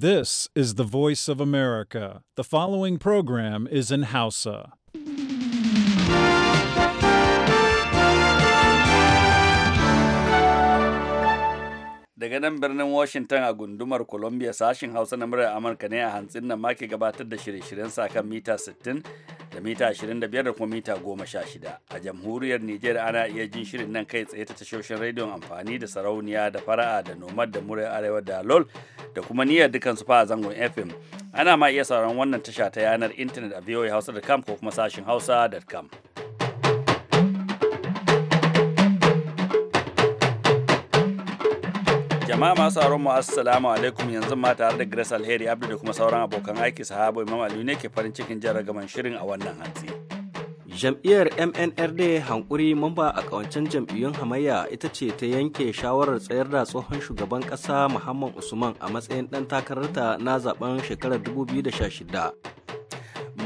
This is the voice of America. The following program is in Hausa. Daga nan birnin Washington a gundumar Columbia sashin Hausa na murar Amurka ne a hantsin nan make gabatar da shirye-shiryen sa kan mita 60 da mita 25 da kuma mita 16 a jamhuriyar Nijar ana iya jin shirin nan kai tsaye ta tashoshin rediyon amfani da sarauniya da fara'a da nomad da murai arewa da lol da kuma niyyar dukkan su fa zangon FM ana ma iya sauran wannan tasha ta yanar intanet a voahausa.com ko kuma sashin hausa.com jama'a masu sauran mu assalamu alaikum yanzu ma tare da Grace Alheri Abdu da kuma sauran abokan aiki sahabo Imam Aliyu ne ke farin cikin gaban shirin a wannan hantsi. Jam'iyyar MNRD hankuri mamba a kawancen jam'iyyun hamayya ita ce ta yanke shawarar tsayar da tsohon shugaban ƙasa Muhammad Usman a matsayin ɗan takararta na zaben shekarar 2016.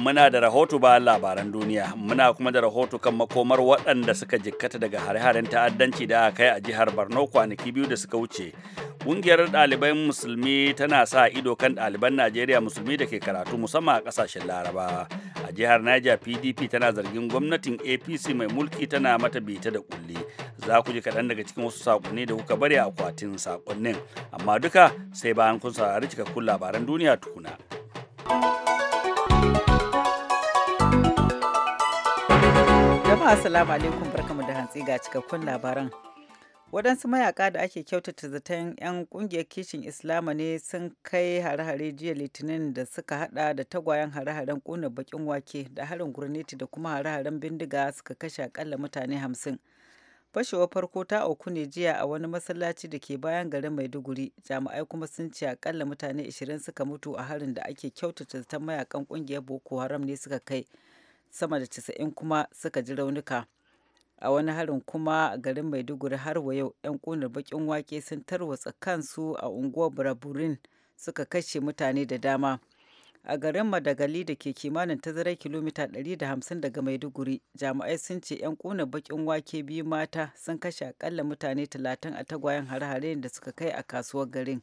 muna da rahoto ba labaran duniya muna kuma da rahoto kan makomar waɗanda suka jikkata daga hare-haren ta'addanci da aka kai a jihar Borno kwanaki biyu da suka wuce ƙungiyar ɗaliban musulmi tana sa ido kan ɗaliban Najeriya musulmi da ke karatu musamman a ƙasashen Laraba a jihar Niger PDP tana zargin gwamnatin APC mai mulki tana mata bita da kulli za ku ji kaɗan daga cikin wasu sakonni da kuka bari a akwatin saƙonnin amma duka sai bayan kun saurari cikakkun labaran duniya tukuna. thank you Jama'a assalamu alaikum barkamu da hantsi ga cikakkun labaran. wadansu mayaka da ake kyautata zaton 'yan ƙungiyar kishin Islama ne sun kai hare-hare jiya Litinin da suka hada da tagwayen hare-haren ƙunar bakin wake da harin gurneti da kuma hare-haren bindiga suka kashe akalla mutane hamsin. Fashewar farko ta auku ne jiya a wani masallaci da ke bayan garin Maiduguri, jami'ai kuma sun ce akalla mutane 20 suka mutu a harin da ake kyautata zaton mayakan ƙungiyar Boko Haram ne suka kai. sama da casa'in kuma suka ji raunuka a wani harin kuma a garin maiduguri har wa yau 'yan kunar bakin wake sun tarwatsa kansu a unguwar buraburin suka kashe mutane da dama a garin madagali da ke kimanin tazarar kilomita 150 daga maiduguri jami'ai sun ce 'yan ƙunar bakin wake biyu mata sun kashe akalla mutane 30 a tagwayen hare-hare da suka kai a kasuwar garin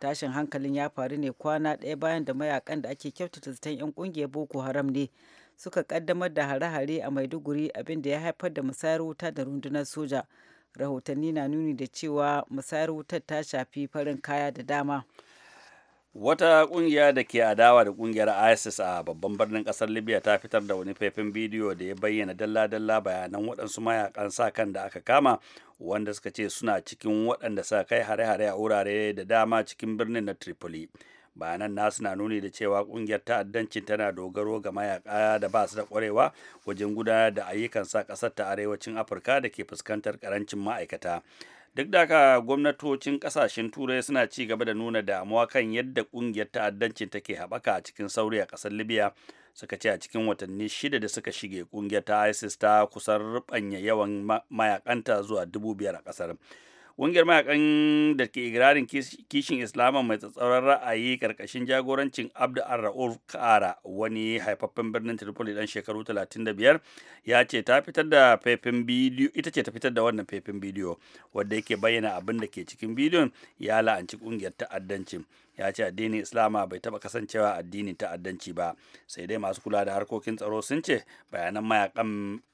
tashin hankalin ya faru ne kwana ɗaya bayan da mayakan da ake kyautata zaton 'yan kungiyar boko haram ne suka kaddamar da hare-hare a maiduguri abinda ya haifar da musayar wuta da rundunar soja rahotanni na nuni da cewa musayar wutar ta shafi farin kaya da dama wata kungiya da ke adawa da kungiyar isis a babban birnin kasar libya ta fitar da wani faifin bidiyo da ya bayyana dalla-dalla bayanan waɗansu mayakan sa kan da aka kama wanda suka ce suna cikin waɗanda suka kai hare-hare a wurare da dama cikin birnin na tripoli bayanan nasu na nuni da cewa kungiyar ta'addancin tana dogaro ga mayaka da ba su da kwarewa wajen gudanar da ayyukan sa kasar ta arewacin afirka da ke fuskantar karancin ma'aikata duk da haka gwamnatocin kasashen turai suna ci gaba da nuna damuwa kan yadda kungiyar ta'addancin take haɓaka a cikin sauri a ƙasar libya suka ce a cikin watanni shida da suka shige kungiyar ta isis ta kusan rubanya yawan mayakanta zuwa dubu biyar a ƙasar Ƙungiyar mayakan da ke igirarin kishin Islama mai tsatsauran ra'ayi ƙarƙashin jagorancin Abd ar-Ra'uf Kara wani haifaffen birnin Tripoli dan shekaru 35 ya ce ta fitar da faifin bidiyo ita ce ta fitar da wannan faifin bidiyo wanda yake bayyana abin da ke cikin bidiyon ya la'anci ƙungiyar ta'addanci. ya ce addinin islama bai taɓa kasancewa addinin ta'addanci ba sai dai masu kula da harkokin tsaro sun ce bayanan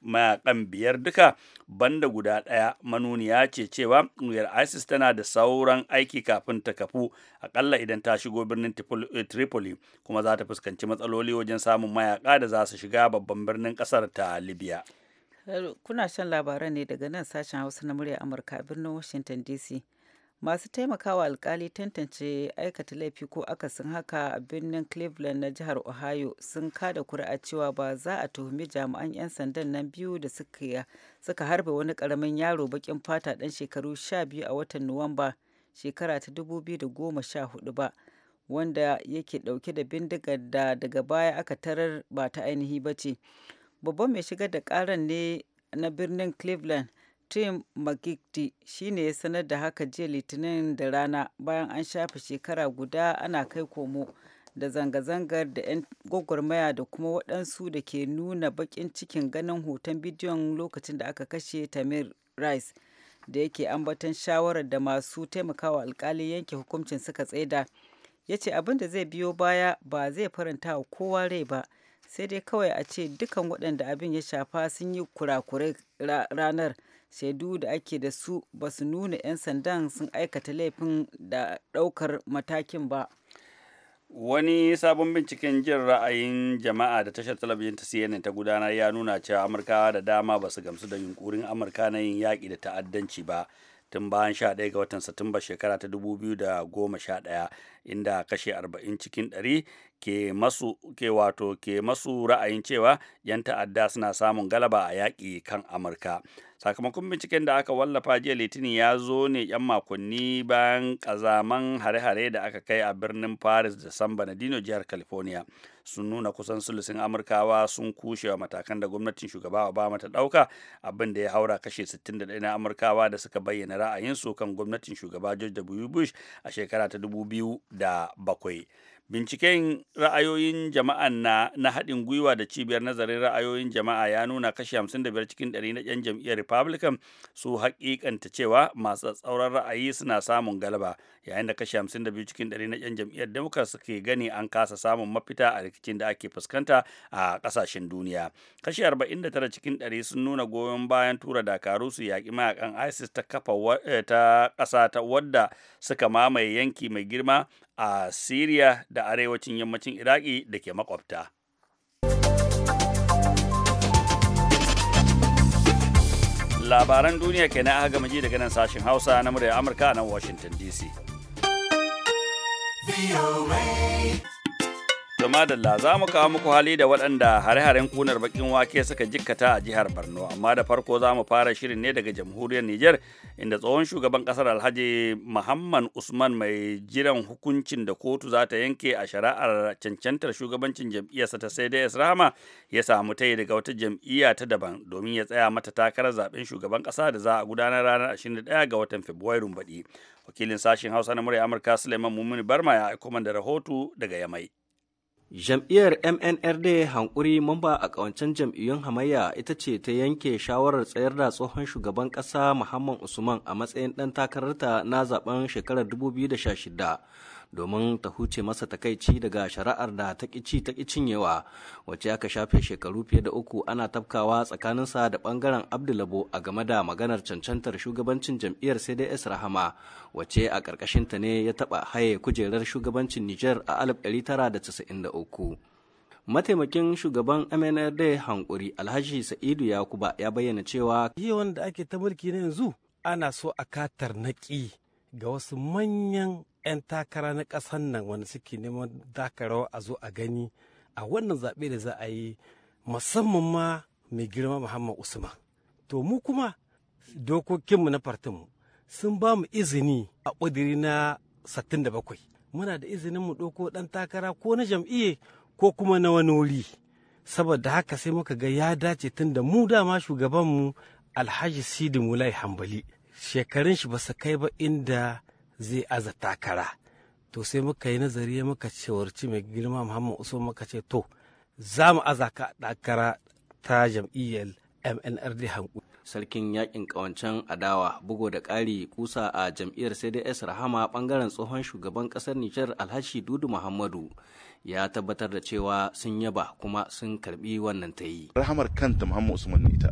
mayakan biyar duka banda guda ɗaya manuniya ce cewa ƙungiyar isis tana da sauran aiki kafin ta kafu akalla idan ta shigo birnin eh, tripoli kuma za ta fuskanci matsaloli wajen samun mayaka da za su shiga babban birnin kasar ta libya kuna shan labaran ne daga nan sashen hausa na murya amurka birnin washington dc masu taimakawa alkali tantance aikata laifi ko akasin haka a birnin cleveland na jihar ohio sun kada kuri'a cewa ba za a tuhumi jami'an 'yan sandan nan biyu da suka harbe wani karamin yaro bakin fata dan shekaru 12 a watan nuwamba shekara ta 2014 ba wanda yake dauke da bindigar da daga baya aka tarar ba ta ainihi ba ce babban mai shigar da karan ne na birnin cleveland tim mcgifty shine ya sanar da haka jiya litinin da rana bayan an shafe shekara guda ana kai komo da zanga-zangar da 'yan gwagwarmaya da kuma waɗansu da ke nuna baƙin cikin ganin hoton bidiyon lokacin da aka kashe tamir rice da yake ambaton shawarar da masu taimakawa alkali yanke hukuncin suka tsaida ya ce abin da zai biyo baya ba zai faranta wa kowa rai ba sai dai kawai a ce dukan waɗanda abin ya shafa sun yi kurakurai ranar shaidu da ake da su ba su nuna 'yan sandan sun aikata laifin da ɗaukar matakin ba wani sabon binciken jin ra'ayin jama'a da tashar talabijin ta cnn ta gudanar ya nuna cewa amurkawa da dama ba su gamsu da yunkurin amurka na yin yaƙi da ta'addanci ba tun bayan ɗaya ga watan satumba shekara ta 2011 inda kashe 40 cikin 100 ke masu ke wato ke masu ra'ayin cewa 'yan ta'adda suna samun galaba a yaƙi kan amurka sakamakon binciken da aka wallafa jiya litinin ya zo ne 'yan makonni bayan ƙazaman hare-hare da aka kai a birnin paris da san banadino jihar california sun nuna kusan sulusin amurkawa sun kushe wa matakan da gwamnatin shugaba obama ta ɗauka abin da ya haura kashe 61 na amurkawa da suka bayyana ra'ayinsu kan gwamnatin shugaba george w bush a shekara ta 2007 Binciken ra'ayoyin jama'a na, na haɗin gwiwa da cibiyar nazarin ra'ayoyin jama'a ya nuna kashi 55 cikin 100 na 'yan jam'iyyar Republican su haƙiƙanta cewa masu tsauran ra'ayi suna samun galaba, yayin da kashi 52 cikin 100 na 'yan jam'iyyar Democrat suke gani an kasa samun mafita a rikicin da ake fuskanta a ƙasashen duniya. Kashi 49 cikin 100 sun nuna goyon bayan tura dakaru su yaƙi mayakan ISIS ta kafa eh, ta ƙasa ta wadda suka mamaye yanki mai girma a Siriya da arewacin yammacin Iraki da ke makwabta. Labaran duniya kenan aka gama ji daga nan sashen Hausa na murya Amurka nan Washington DC. da madalla za mu kawo muku hali da waɗanda hare-haren kunar bakin wake suka jikkata a jihar Borno amma da farko za mu fara shirin ne daga jamhuriyar Nijar inda tsohon shugaban ƙasar Alhaji Muhammad Usman mai jiran hukuncin da kotu za ta yanke a shari'ar cancantar shugabancin jam'iyyarsa ta sai dai Rahama ya samu tayi daga wata jam'iyya ta daban domin ya tsaya mata takarar zaben shugaban kasa da za a gudanar ranar 21 ga watan Fabrairu baɗi. Wakilin sashen Hausa na murya Amurka Suleiman Mumini Barma ya aiko mana da rahoto daga Yamai. Jam'iyyar MNRD hankuri mamba a ƙawancen jam'iyyun hamayya ita ce ta yanke shawarar tsayar da tsohon shugaban ƙasa Muhammad Usman a matsayin ɗan takararta na zaben shekarar 2016. domin ta huce masa takaici daga shari'ar da ta ƙici ta cinyewa wacce aka shafe shekaru fiye da uku ana tafkawa tsakaninsa da bangaren abdulabo a game da maganar cancantar shugabancin jam'iyyar cds rahama wacce a ta ne ya taɓa haye kujerar shugabancin niger a 1993 mataimakin shugaban MNRD hankuri alhaji sa'idu yakuba ya bayyana cewa yi wanda ake ta mulki na yanzu ana so a katar naƙi ga wasu manyan 'yan takara na ƙasar nan wanda suke neman dakarawa a zo a gani a wannan zaɓe da za a yi musamman ma mai girma muhammad usman to mu kuma dokokinmu na fartinmu sun ba mu izini a ƙudiri na bakwai muna da izinin mu ɗauko ɗan takara ko na jam'iyye ko kuma na wani wuri saboda haka sai muka ga ya dace tun da mu dama shugabanmu alhaji sidi mulai hambali shekarun shi ba su kai ba inda zai aza takara to sai muka yi nazari ya muka warci mai girma muhammad usman muka ce to za mu aza ka takara ta jam'iyyar mnrd hanku sarkin yakin kawancen adawa bugo da ƙari kusa a jam'iyyar cds rahama bangaren tsohon shugaban ƙasar nijar alhashi dudu muhammadu ya tabbatar da cewa sun yaba kuma sun karbi wannan ta yi rahamar kanta muhammad usman ne ita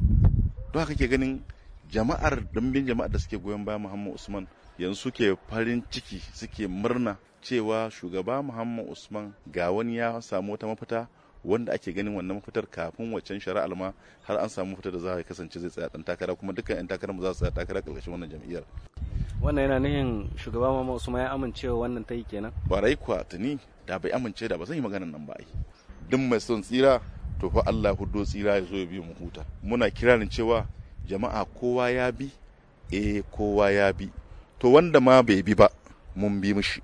don haka ke ganin jama'ar dambin jama'ar da suke goyon bayan muhammad usman yanzu suke farin ciki suke murna cewa shugaba muhammad usman ga wani ya samu wata mafita wanda ake ganin wannan mafitar kafin waccan shari'ar ma har an samu mafitar da za a kasance zai tsaya dan takara kuma dukkan yan takarar mu za su tsaya takara karkashin wannan jam'iyyar wannan yana nufin shugaba Muhammad Usman ya amincewa wannan ta yi kenan rai kuwa tuni da bai amince da ba zan yi maganar nan ba ai duk mai son tsira to fa Allah hudo tsira ya zo ya bi mu huta muna kiranin cewa jama'a kowa ya bi eh kowa ya bi to wanda ma bai bi ba mun bi mishi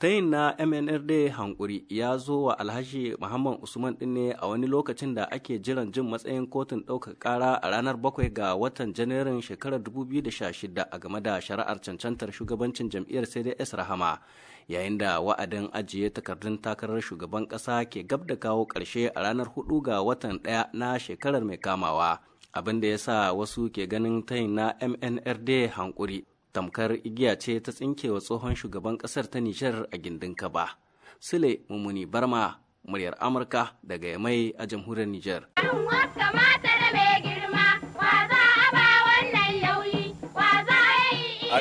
tayin na mnrd hankuri ya zo wa alhaji muhammad usman din ne a wani lokacin da ake jiran jin matsayin kotun ɗaukar ƙara a ranar bakwai ga watan janairun shekarar 2016 a game da shari'ar cancantar shugabancin jam'iyyar cds rahama yayin da wa'adin ajiye takardun takarar shugaban ƙasa ke gab da kawo ƙarshe a ranar 4 ga watan 1 na shekarar mai kamawa abin da ya sa wasu ke ganin tayin na mnrd hankuri tamkar igiya ce ta tsinkewa tsohon shugaban kasar ta Nijar a gindin kaba. Sule Mumuni Barma, muryar Amurka daga Yamai a jamhuriyar Nijar.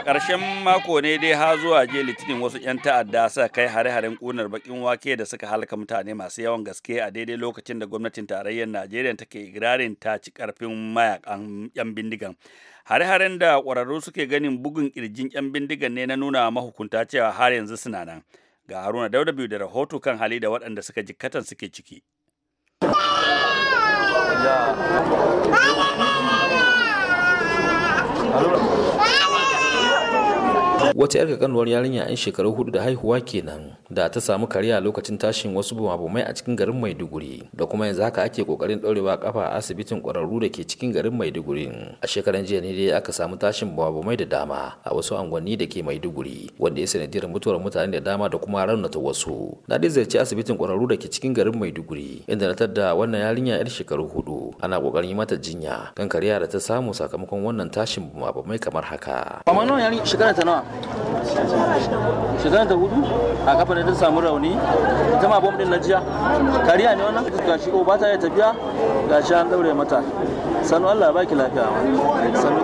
ƙarshen mako ne dai ha zuwa je litinin wasu 'yan ta'adda suka kai hare-haren ƙunar bakin wake da suka halaka mutane masu yawan gaske a daidai lokacin da gwamnatin tarayyar najeriya take igirarin ta ci ƙarfin mayakan 'yan bindigan hare-haren da ƙwararru suke ganin bugun ƙirjin 'yan bindigan ne na nuna mahukunta cewa har yanzu suna nan ga haruna dauda biyu da rahoto kan hali da waɗanda suka jikkatan suke ciki wata yar kanuwar yarinya yan shekaru hudu da haihuwa kenan da ta samu kariya lokacin tashin wasu bumabumai a cikin garin maiduguri da kuma yanzu haka ake kokarin ɗorewa kafa a asibitin ƙwararru da ke cikin garin maiduguri a shekaran jiya ne dai aka samu tashin bumabumai da dama a wasu angwanni da ke maiduguri wanda ya sanadiyar mutuwar mutane da dama da kuma raunata wasu na dai ziyarci asibitin ƙwararru da ke cikin garin maiduguri inda na tadda wannan yarinya yar shekaru hudu ana kokarin yi mata jinya kan kariya da ta samu sakamakon wannan tashin bumabumai kamar haka. shiga ta hudu a kafa da ta samu rauni ita ma bom din na jiya kariya ne wannan ga shi oh, ba ta tafiya ga shi an daure mata sanu Allah baki lafiya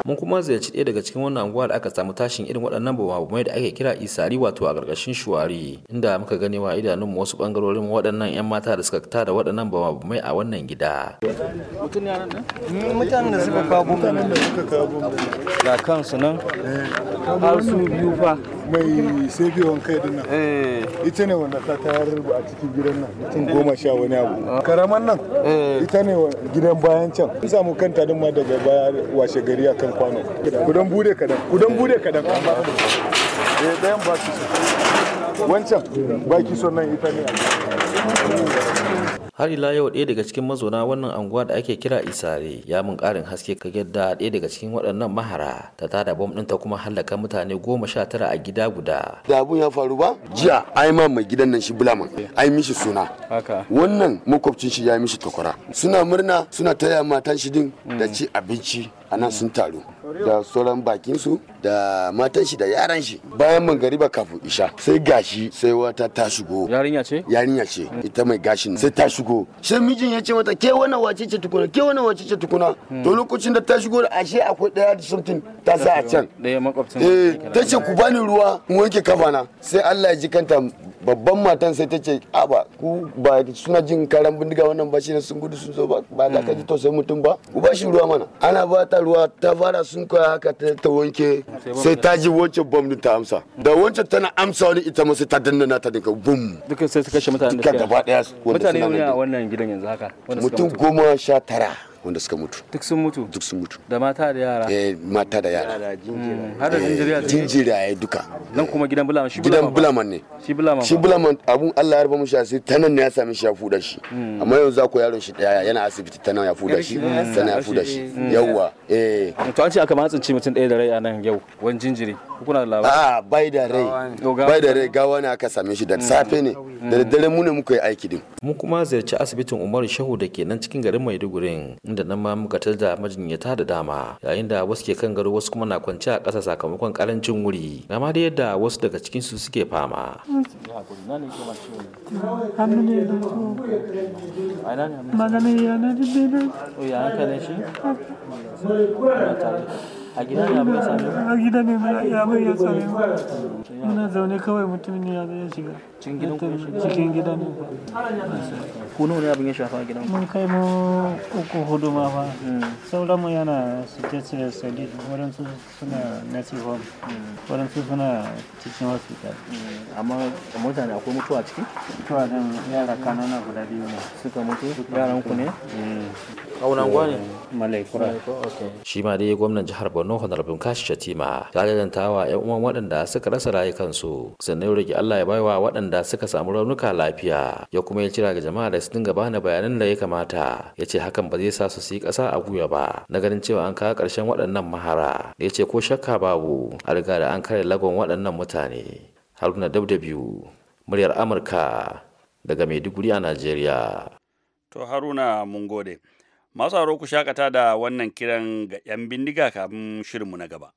mun kuma ziyarci ɗaya daga cikin wannan anguwa da aka samu tashin irin waɗannan mai da ake kira isari wato a ƙarƙashin shuwari inda muka gani wa idanun wasu ɓangarorin waɗannan 'yan mata da suka tada waɗannan mai a wannan gida mm, mutanen da suka kago bumabumai da kansu nan eh. har su biyu fa mai sai biyan kai din nan eh. ita ne wanda ta tayar a cikin gidan nan mutum goma sha wani abu ah. karaman nan eh. ita ne gidan bayan can sun samu kanta din ma daga baya washe gari akan kwano kudan bude kadan kudan bude kadan eh dayan baki ki so wancan baki ki so nan ita ne har ila yau ɗaya daga cikin mazauna wannan anguwa da ake kira isare ya mun ƙarin haske ka yadda ɗaya daga cikin waɗannan mahara ta tada bom ɗin ta kuma hallaka mutane goma sha tara a gida guda da abun ya faru ba jiya ai ma mai gidan nan shi bulaman ai mishi suna wannan makwabcin shi ya mishi takwara suna murna suna taya matan shi din da ci abinci a nan sun taru da sauran bakin su da matan shi da yaran shi bayan mun gariba kafin isha sai gashi sai wata ta shigo yarinya ce yarinya ce ita mai gashin sai ta shigo sai mijin ya ce mata ke wannan wace ce tukuna ke wannan wace ce tukuna to hmm. lokacin da ta shigo da ashe akwai daya da something ta sa a can daya makwabcin eh ta ce ku bani ruwa mu wanke kafana sai Allah ya ji kanta babban matan sai ta ce aba ku ba suna jin karan bindiga wannan ba shi sun gudu sun zo ba ba za ka ji sai mutum ba ku ba shi ruwa mana ana ba ta ruwa ta fara sun koya haka ta wanke sai ta ji wancan bom din ta amsa da wancan tana amsa wani ita ma ta danna ta dinka bum duka sai su kashe mutane da gaba daya mutane ne a wannan gidan yanzu haka mutum goma sha tara wanda suka mutu duk sun mutu duk sun mutu da mata da yara eh mata da yara har da jinjiriya jinjiriya ya duka nan kuma gidan bulaman shi gidan bulaman ne shi bulaman shi bulaman abun Allah ya rubuta mu shi ta ne ya sami shi ya fuda shi hmm. amma yanzu za ku yaron shi daya yana asibiti tanan ya fuda shi hmm. ta ya fuda shi hmm. yawwa eh to an ce aka matsince mutum daya da rai a nan yau wani jinjiri kuna da labari a ah, bai da rai bai da rai gawa ne aka same shi da safe ne da daddare mu ne muka yi aiki din mun kuma ziyarci asibitin Umaru Shehu da ke nan cikin garin Maiduguri inda nan ma muka tada majinyata da dama yayin da wasu ke kan gado wasu kuma na kwance a ƙasa sakamakon ƙarancin wuri gama da yadda wasu daga cikin su suke fama Madame yana da bebe. O ya hankali shi? a gida ne abin ya same a gida ne ya abin muna zaune kawai mutum ne ya shiga cikin gidan cikin ku ne abin ya shafa a gidan mun kai mu uku hudu ma fa sauran mu yana sujjata sadid waɗansu suna nasi home waɗansu suna cikin hospital amma mutane akwai mutuwa ciki a din yara kanana guda biyu ne suka mutu yaran ku ne kaunan gwani malaikura shi ma dai gwamnan jihar borno honorable kashi shatima ya wa 'yan uwan waɗanda suka rasa rayukansu sannan ya rage allah ya baiwa waɗanda waɗanda suka samu raunuka lafiya ya kuma ya cira ga jama'a da su dinga bani bayanan da ya kamata ya ce hakan ba zai sa su yi ƙasa a guya ba na ganin cewa an kawo ƙarshen waɗannan mahara ya ce ko shakka babu a riga da an kare lagon waɗannan mutane haruna dab da biyu muryar amurka daga maiduguri a najeriya to haruna mun gode masu haro ku shakata da wannan kiran ga 'yan bindiga kafin shirinmu na gaba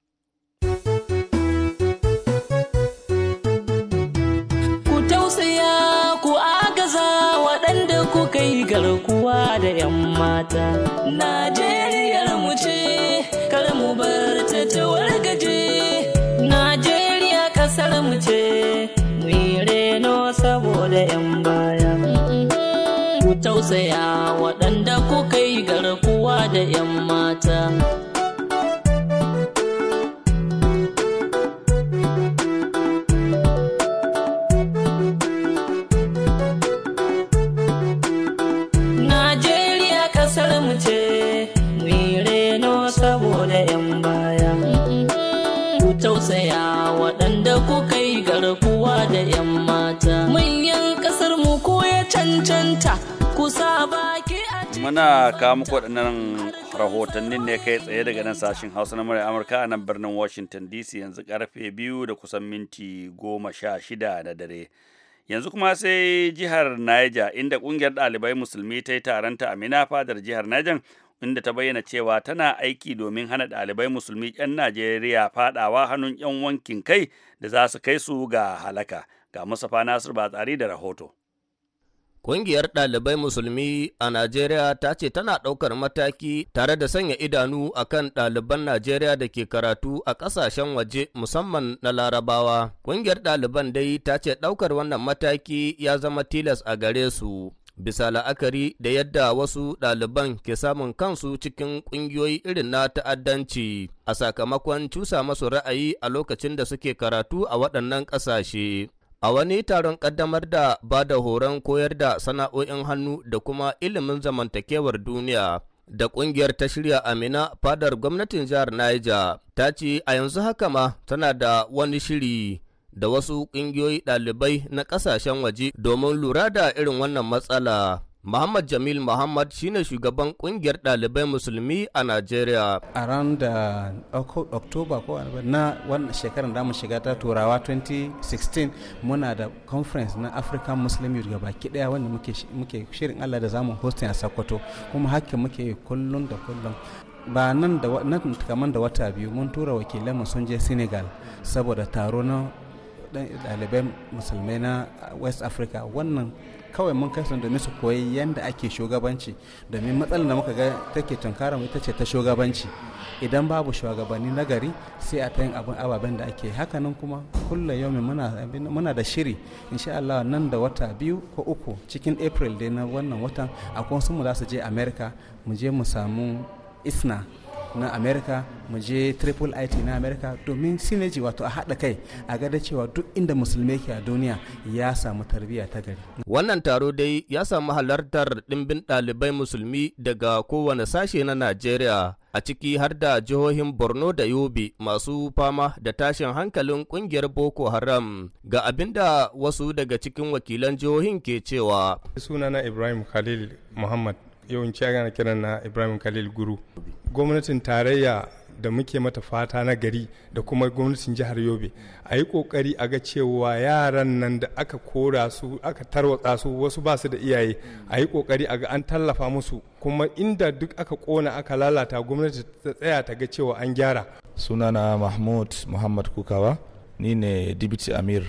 garkuwa da 'yan mata. Najeriyar mu ce, kar mu bar ta ta wargaje. Najeriya kasar mu ce, mu yi reno saboda 'yan baya. Ku tausaya waɗanda kuka yi garkuwa da 'yan mata. muna kawo muku waɗannan rahotannin ne kai tsaye daga nan sashen hausa na murai amurka a nan birnin washington dc yanzu karfe biyu da kusan minti goma sha shida na dare yanzu kuma sai jihar niger inda ƙungiyar ɗalibai musulmi ta yi taronta ta amina fadar jihar niger inda ta bayyana cewa tana aiki domin hana ɗalibai musulmi 'yan najeriya faɗawa hannun 'yan wankin kai da za su kai su ga halaka ga mustapha nasir batsari da rahoto Ƙungiyar ɗalibai musulmi a Najeriya ta ce tana ɗaukar mataki tare da sanya idanu a kan ɗaliban Najeriya da ke karatu a ƙasashen waje musamman na Larabawa. Ƙungiyar ɗaliban dai ta ce ɗaukar wannan mataki ya zama tilas a gare su. Bisa la'akari da yadda wasu ɗaliban ke samun kansu cikin ƙungiyoyi irin na ta'addanci a sakamakon cusa masu ra'ayi a lokacin da suke karatu a waɗannan ƙasashe. A wani taron ƙaddamar da ba da horon koyar da sana'o'in hannu da kuma ilimin zamantakewar duniya da ƙungiyar ta shirya Amina fadar gwamnatin jihar Niger ta ce a yanzu haka ma tana da wani shiri da wasu ƙungiyoyi ɗalibai na ƙasashen waje domin lura da irin wannan matsala. Muhammad Jamil Muhammad shine shugaban kungiyar ɗalibai musulmi a Najeriya. A ran da Oktoba ko na wannan shekarar da mu shiga ta Turawa 2016 muna da conference na African Muslim Youth gaba ki wanda muke shirin Allah da zamu hosting a Sokoto kuma hakkin muke kullum da kullum. ba nan da nan kamar da wata biyu mun tura wakilanmu sun je Senegal saboda taro na ɗalibai musulmai na West Africa wannan kawai mun kai su domin su koyi yadda ake shugabanci domin matsalar da muka ga take tunkara ita ce ta shugabanci idan babu shugabanni na gari sai a tayin abin ababen da ake hakanan kuma kulla yomi muna da shiri insha Allah nan da wata biyu ko uku cikin april dai na wannan watan akwai wasu mu za su je america mu je mu samu isna na america mu je triple it na america domin synergy wato a haɗa kai a gada cewa duk inda musulmai ke a duniya ya samu tarbiyya ta gari wannan taro dai ya samu halartar ɗimbin ɗalibai musulmi daga kowane sashe na najeriya a ciki har da jihohin borno da yobe masu fama da tashin hankalin kungiyar boko haram ga abin da wasu daga cikin wakilan jihohin ke cewa sunana ibrahim khalil muhammad yawanci ana kiran na ibrahim khalil guru gwamnatin tarayya da muke mata fata na gari da kuma gwamnatin jihar yobe a yi kokari a ga cewa yaran nan da aka kora su aka tarwatsa su wasu ba su da iyaye a yi kokari a ga an tallafa musu kuma inda duk aka kona aka lalata gwamnati ta tsaya ta ga cewa an gyara sunana mahmud muhammad kukawa ni ne dibiti amir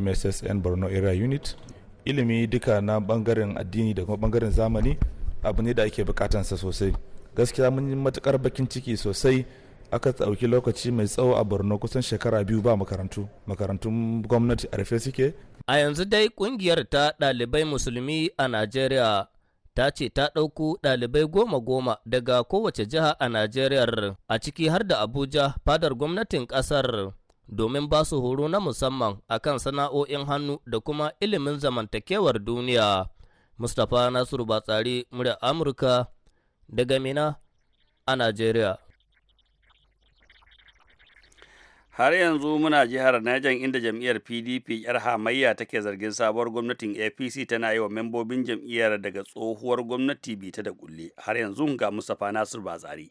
mssn borno area unit ilimi duka na bangaren addini da kuma bangaren zamani abu ne da ake bukatansa sosai gaskiya mun yi matukar bakin ciki sosai aka tsauki lokaci mai tsawo a borno kusan shekara biyu ba makarantu makarantun gwamnati a rufe suke a yanzu dai kungiyar ta ɗalibai musulmi a najeriya ta ce ta ɗauko ɗalibai goma-goma daga kowace jiha a najeriya a ciki har da abuja fadar gwamnatin ƙasar domin ba su horo na musamman akan sana'o'in hannu da kuma ilimin zamantakewar duniya Mustapha Nasiru Batsari murya Amurka daga Mina a Najeriya. Har yanzu muna jihar Niger inda jam'iyyar PDP yar hamayya take zargin sabuwar gwamnatin APC tana yi wa membobin jam'iyyar daga tsohuwar gwamnati bita da kulle. Har yanzu ga Mustapha Nasiru Batsari.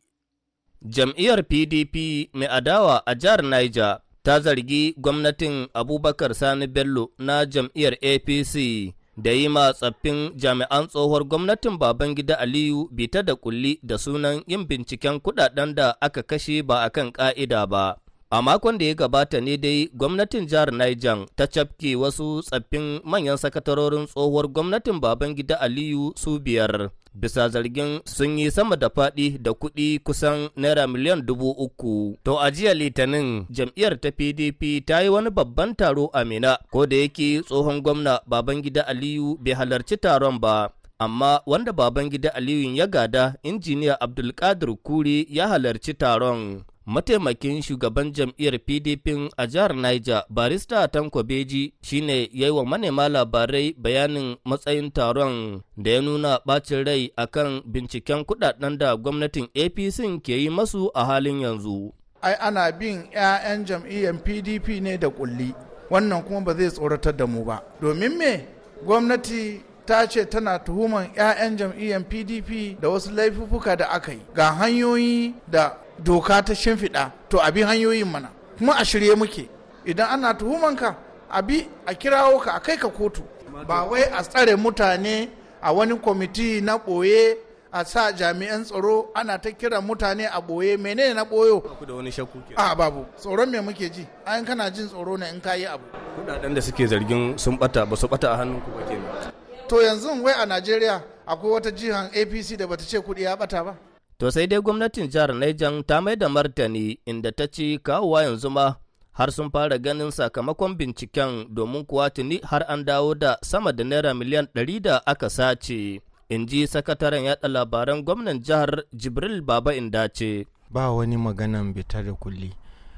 Jam'iyyar PDP mai adawa a jihar Niger ta zargi gwamnatin Abubakar Sani Bello na jam'iyyar APC da yi ma tsaffin jami'an tsohuwar gwamnatin Babangida Aliyu bita da kulli da sunan yin binciken kudaden da aka kashe ba a kan ƙa'ida ba. A makon da ya gabata ne dai gwamnatin jihar Niger ta cafke wasu tsaffin manyan sakatarorin tsohuwar gwamnatin Babangida Aliyu su biyar. bisa zargin sun yi sama da faɗi da kuɗi kusan naira miliyan dubu uku. To a jiya litinin jam'iyyar ta PDP ta yi wani babban taro a Mina ko da yake tsohon gwamna Babangida Aliyu bai halarci taron ba. Amma wanda Babangida Aliyu ya gada injiniya Abdulkadir Kuri ya halarci taron. mataimakin shugaban jam'iyyar pdp a jihar niger barista tanko beji shine ya yi wa manema labarai bayanin matsayin taron da ya nuna ɓacin rai a kan binciken kudaden da gwamnatin apc ke yi masu a halin yanzu ai ana bin 'ya'yan jam'iyyar pdp ne da ƙulli, wannan kuma ba zai tsoratar da mu ba domin me gwamnati ta ce tana tuhuman 'ya'yan jam'iyyar pdp da wasu laifuffuka da aka yi ga hanyoyi da doka ta shimfiɗa to abi hanyoyin mana kuma a shirye muke idan ana tuhumanka abi a kirawo ka a kai ka kotu ba wai a tsare mutane a wani kwamiti na ɓoye a sa jami'an tsaro ana ta kiran mutane a ɓoye menene na ɓoyo da wani shakku a babu tsoron me muke ji An kana jin tsoro ne in kayi abu kudaden da suke zargin sun bata ba su bata a hannun ku ba to yanzu wai a Najeriya akwai wata jihan APC da bata ce kudi ya bata ba To sai dai gwamnatin jihar Niger ta mai da martani inda ta ci kawowa yanzu ma har sun fara ganin sakamakon binciken domin kuwa tuni har an dawo da sama da naira miliyan ɗari da aka sace. In ji sakataren yada labaran gwamnan jihar Jibril Baba ce. Ba wani maganan bita da kulli.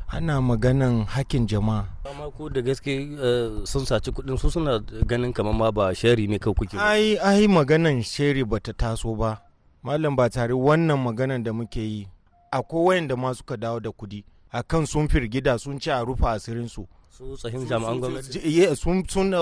ana maganan hakin jama'a amma ku da gaske eh, sun saci kudin su suna ganin kamar ma ba shari ne kawai kuke ai ai maganan shari bata taso ba malam ba tare wannan maganan da muke yi akwai wayanda ma suka dawo da kudi akan sun firgida sun ci a rufe asirin su su jami'an gwamnati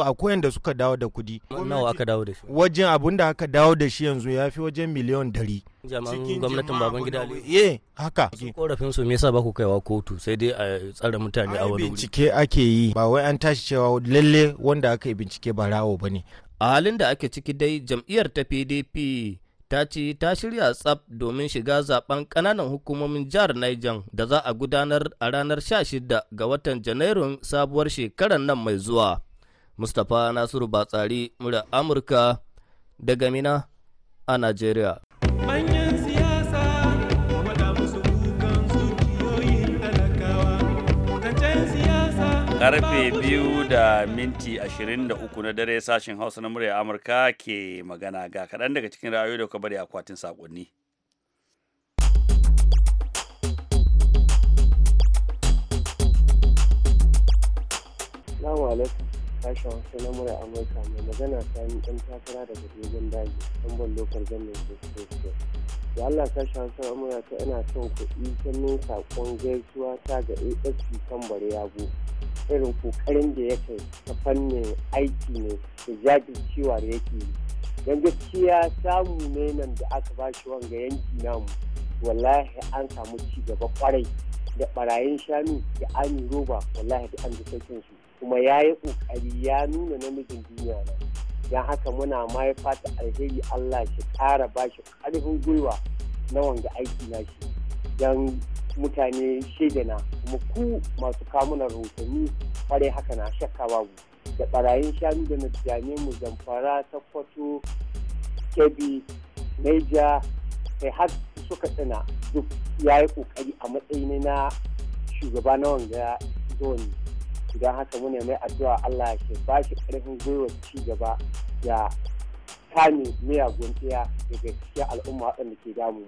akwai wanda suka dawo da kudi nawa aka dawo da shi wajen abun da aka dawo da shi yanzu ya fi wajen miliyan dari jami'an gwamnatin baban gida ne haka korafin su me yasa ba ku kaiwa kotu sai dai a tsare mutane a wani bincike ake yi ba wai an tashi cewa lalle wanda aka yi bincike ba rawo bane a halin da ake ciki dai jam'iyyar ta pdp ta ce ta shirya tsaf domin shiga zaben kananan hukumomin jihar Niger da za a gudanar a ranar 16 ga watan Janairun sabuwar shekarar nan mai zuwa. Mustapha Nasiru Batsari, mura Amurka daga Mina a Najeriya. Karfe biyu da minti ashirin da uku na dare sashen Hausa na murya Amurka ke magana ga kaɗan daga cikin ra'ayoyi da kuka bari akwatin saƙonni. Salamu sashen Hausa na mura Amurka mai magana sami ɗan takara daga dogon daji, ɗan ban lokar gwamnati da da Allah sashi san amurka ta ina son kuɗi sannan sakon gaisuwa ta ga asp ya yago irin kokarin da yake ta fannin aiki ne da jajircewa da yake yi don gaskiya samu ne nan da aka ba shi wanga yanki namu wallahi an samu ci gaba kwarai da barayin shanu da ami roba wallahi da an da su kuma ya yi kokari ya nuna namijin duniya na don haka muna mai fata alheri Allah shi kara ba shi ƙarfin gwiwa na wanga aiki na shi don mutane na kuma ku masu kamuna rahotanni kwarai haka na shakka babu da barayin shanu da na jami mu zamfara kwato kebi naija kai har suka tsina duk ya yi ƙoƙari a matsayin na shugaba na wanga zoni don haka muna mai addu'a Allah ya ba shi ƙarfin gwiwa ci gaba da kame miyagun ɗaya daga cikin al'umma waɗanda ke damu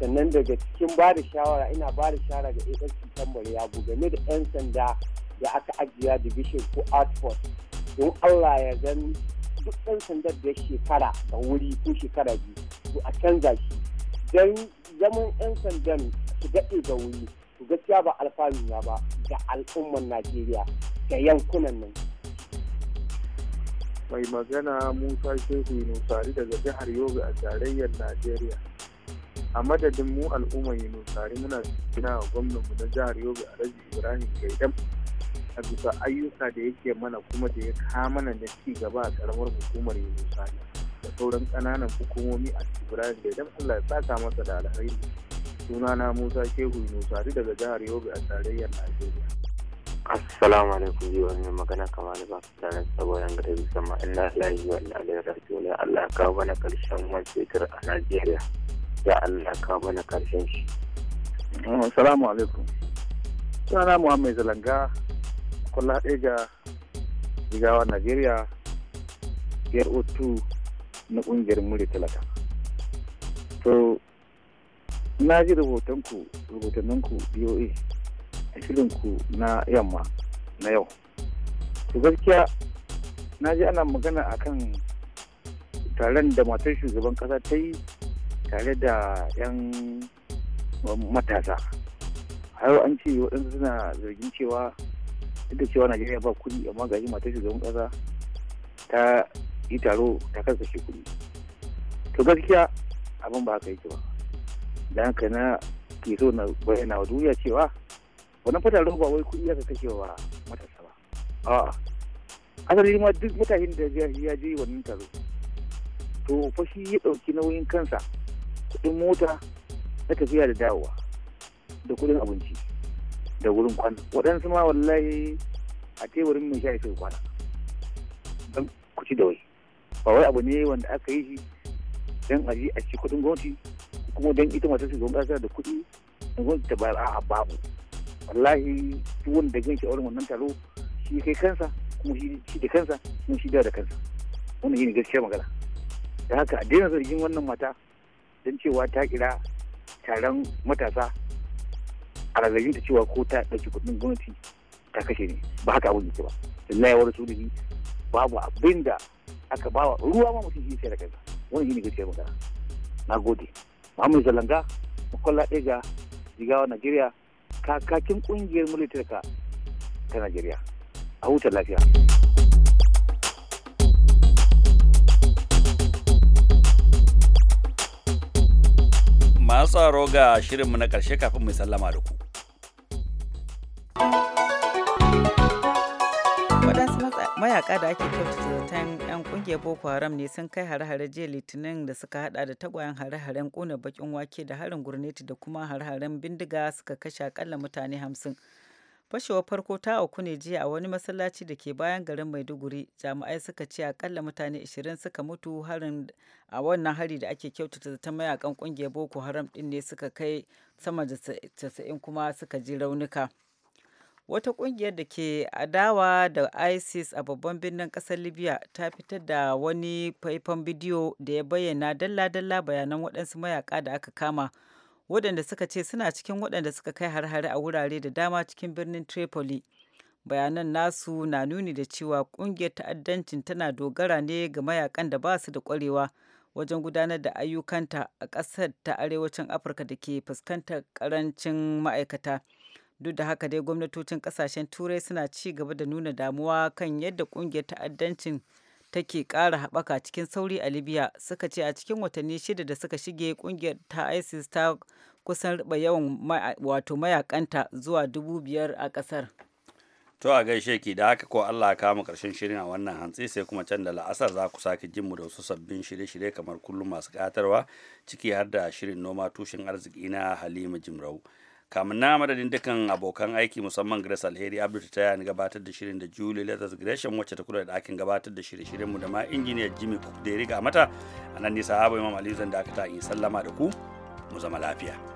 sannan daga cikin ba da shawara ina ba da shawara ga AFC tambari ya bu game da 'yan sanda da aka ajiya division ko outfort don Allah ya zan duk ɗan sandar da shekara da wuri ko shekara biyu to a canza shi don zaman 'yan sandan su daɗe da wuri to gaskiya ba alfanu ya ba ga al'ummar najeriya ga yankunan nan mai magana musa shehu nusari daga jihar yobe a tarayyar najeriya a madadin mu al'ummar nusari muna gina wa gwamnanmu na jihar yobe rajin ibrahim gaidam a bisa ayyuka da yake mana kuma da ya kama mana da ci gaba a karamar hukumar nusari da sauran ƙananan hukumomi a ibrahim idan allah ya saka masa da alheri sunana musa shehu nusari daga jihar yobe a tarayyar najeriya assalamu alaikum jiwa mai magana kamar ba su tare saboyan gari bisa ma ina lahiyu wa ina da allah ka bana karshen man fetur a najeriya ya allah ka mana karshen shi assalamu alaikum sunana muhammad zalanga kula ɗaya jigawa najeriya biyar na ƙungiyar muri talaka na ji rahotonku rahotonninku boa a shirinku na yamma na yau to gaskiya na ji ana magana akan taron da matar shugaban kasa ta yi tare da 'yan matasa har an ce waɗansu suna zargin cewa duk da cewa najeriya ba kuɗi amma gaji matar shugaban kasa ta yi taro ta shi kuɗi to gaskiya abin ba haka yake ba da haka na ke so na bayyana wa duniya cewa wannan fata roba wai kuɗi aka kashe wa matasa ba a'a asali ma duk mutanen da ya je wannan taro to fa shi ya ɗauki nauyin kansa kuɗin mota na tafiya da dawowa da kuɗin abinci da wurin kwana waɗansu ma wallahi a teburin mai sha sai kwana don kuci da wai ba wai abu ne wanda aka yi shi don a ji a ci kuɗin gwamnati kuma don ita masu shugaban kasa da kuɗi in gwamnati ta bayar a'a babu wallahi duk wanda da ganke aure wannan taro shi kai kansa kuma shi da kansa kuma shi da da kansa wannan yin gaskiyar magana da haka a daina zargin wannan mata don cewa ta kira taron matasa a rarrabin ta cewa ko ta ɗauki kuɗin gwamnati ta kashe ne ba haka abin yake ba lillahi wa rasulihi babu abin da aka bawa ruwa ma mutum shi sai da kansa wannan yin gaskiyar magana na gode Muhammad Zalanga Makwalla Ɗega Jigawa Najeriya kakakin ƙungiyar Mulitarka ta Najeriya. A huta lafiya. Masu tsaro ga shirinmu na ƙarshe kafin mu sallama da ku. mayaka da ake kyautata zaton 'yan kungiyar boko haram ne sun kai hare-hare jiya litinin da suka hada da tagwayen hare-haren kona bakin wake da harin gurneti da kuma hare-haren bindiga suka kashe akalla mutane hamsin fashewar farko ta auku ne jiya a wani masallaci da ke bayan garin maiduguri jami'ai suka ce akalla mutane 20 suka mutu harin a wannan hari da ake kyautata zaton mayakan kungiyar boko haram din ne suka kai sama da 90 kuma suka ji raunuka wata kungiyar da ke adawa da isis a babban birnin kasar libya ta fitar da wani faifan bidiyo da ya bayyana dalla-dalla bayanan waɗansu mayaka da aka kama waɗanda suka ce suna cikin waɗanda suka kai har hari a wurare da dama cikin birnin tripoli bayanan nasu na nuni da cewa kungiyar ta'addancin tana dogara ne ga mayakan da ba su da kwarewa wajen gudanar da ayyukanta a ƙasar ta arewacin afirka da ke fuskantar ƙarancin ma'aikata duk da haka dai gwamnatocin kasashen turai suna ci gaba da nuna damuwa kan yadda kungiyar ta'addancin take kara haɓaka cikin sauri a libya suka ce a cikin watanni shida da suka shige kungiyar ta isis ta kusan riba yawan wato mayakanta zuwa dubu biyar a ƙasar to a gaishe ki da haka ko allah kama karshen shirin a wannan hantsi sai kuma can da la'asar za ku sake jinmu da wasu sabbin shirye-shirye kamar kullum masu ƙatarwa ciki har da shirin noma tushen arziki na halima jimrau kamun na madadin dukkan abokan aiki musamman grace alheri abdul ta taya ni gabatar da shirin da julie letters gresham wacce ta kula da ɗakin gabatar da shirye-shiryen mu da ma injiniyar jimmy cook da ya riga mata a nan nisa abu imam alizan da aka ta yi sallama da ku mu zama lafiya.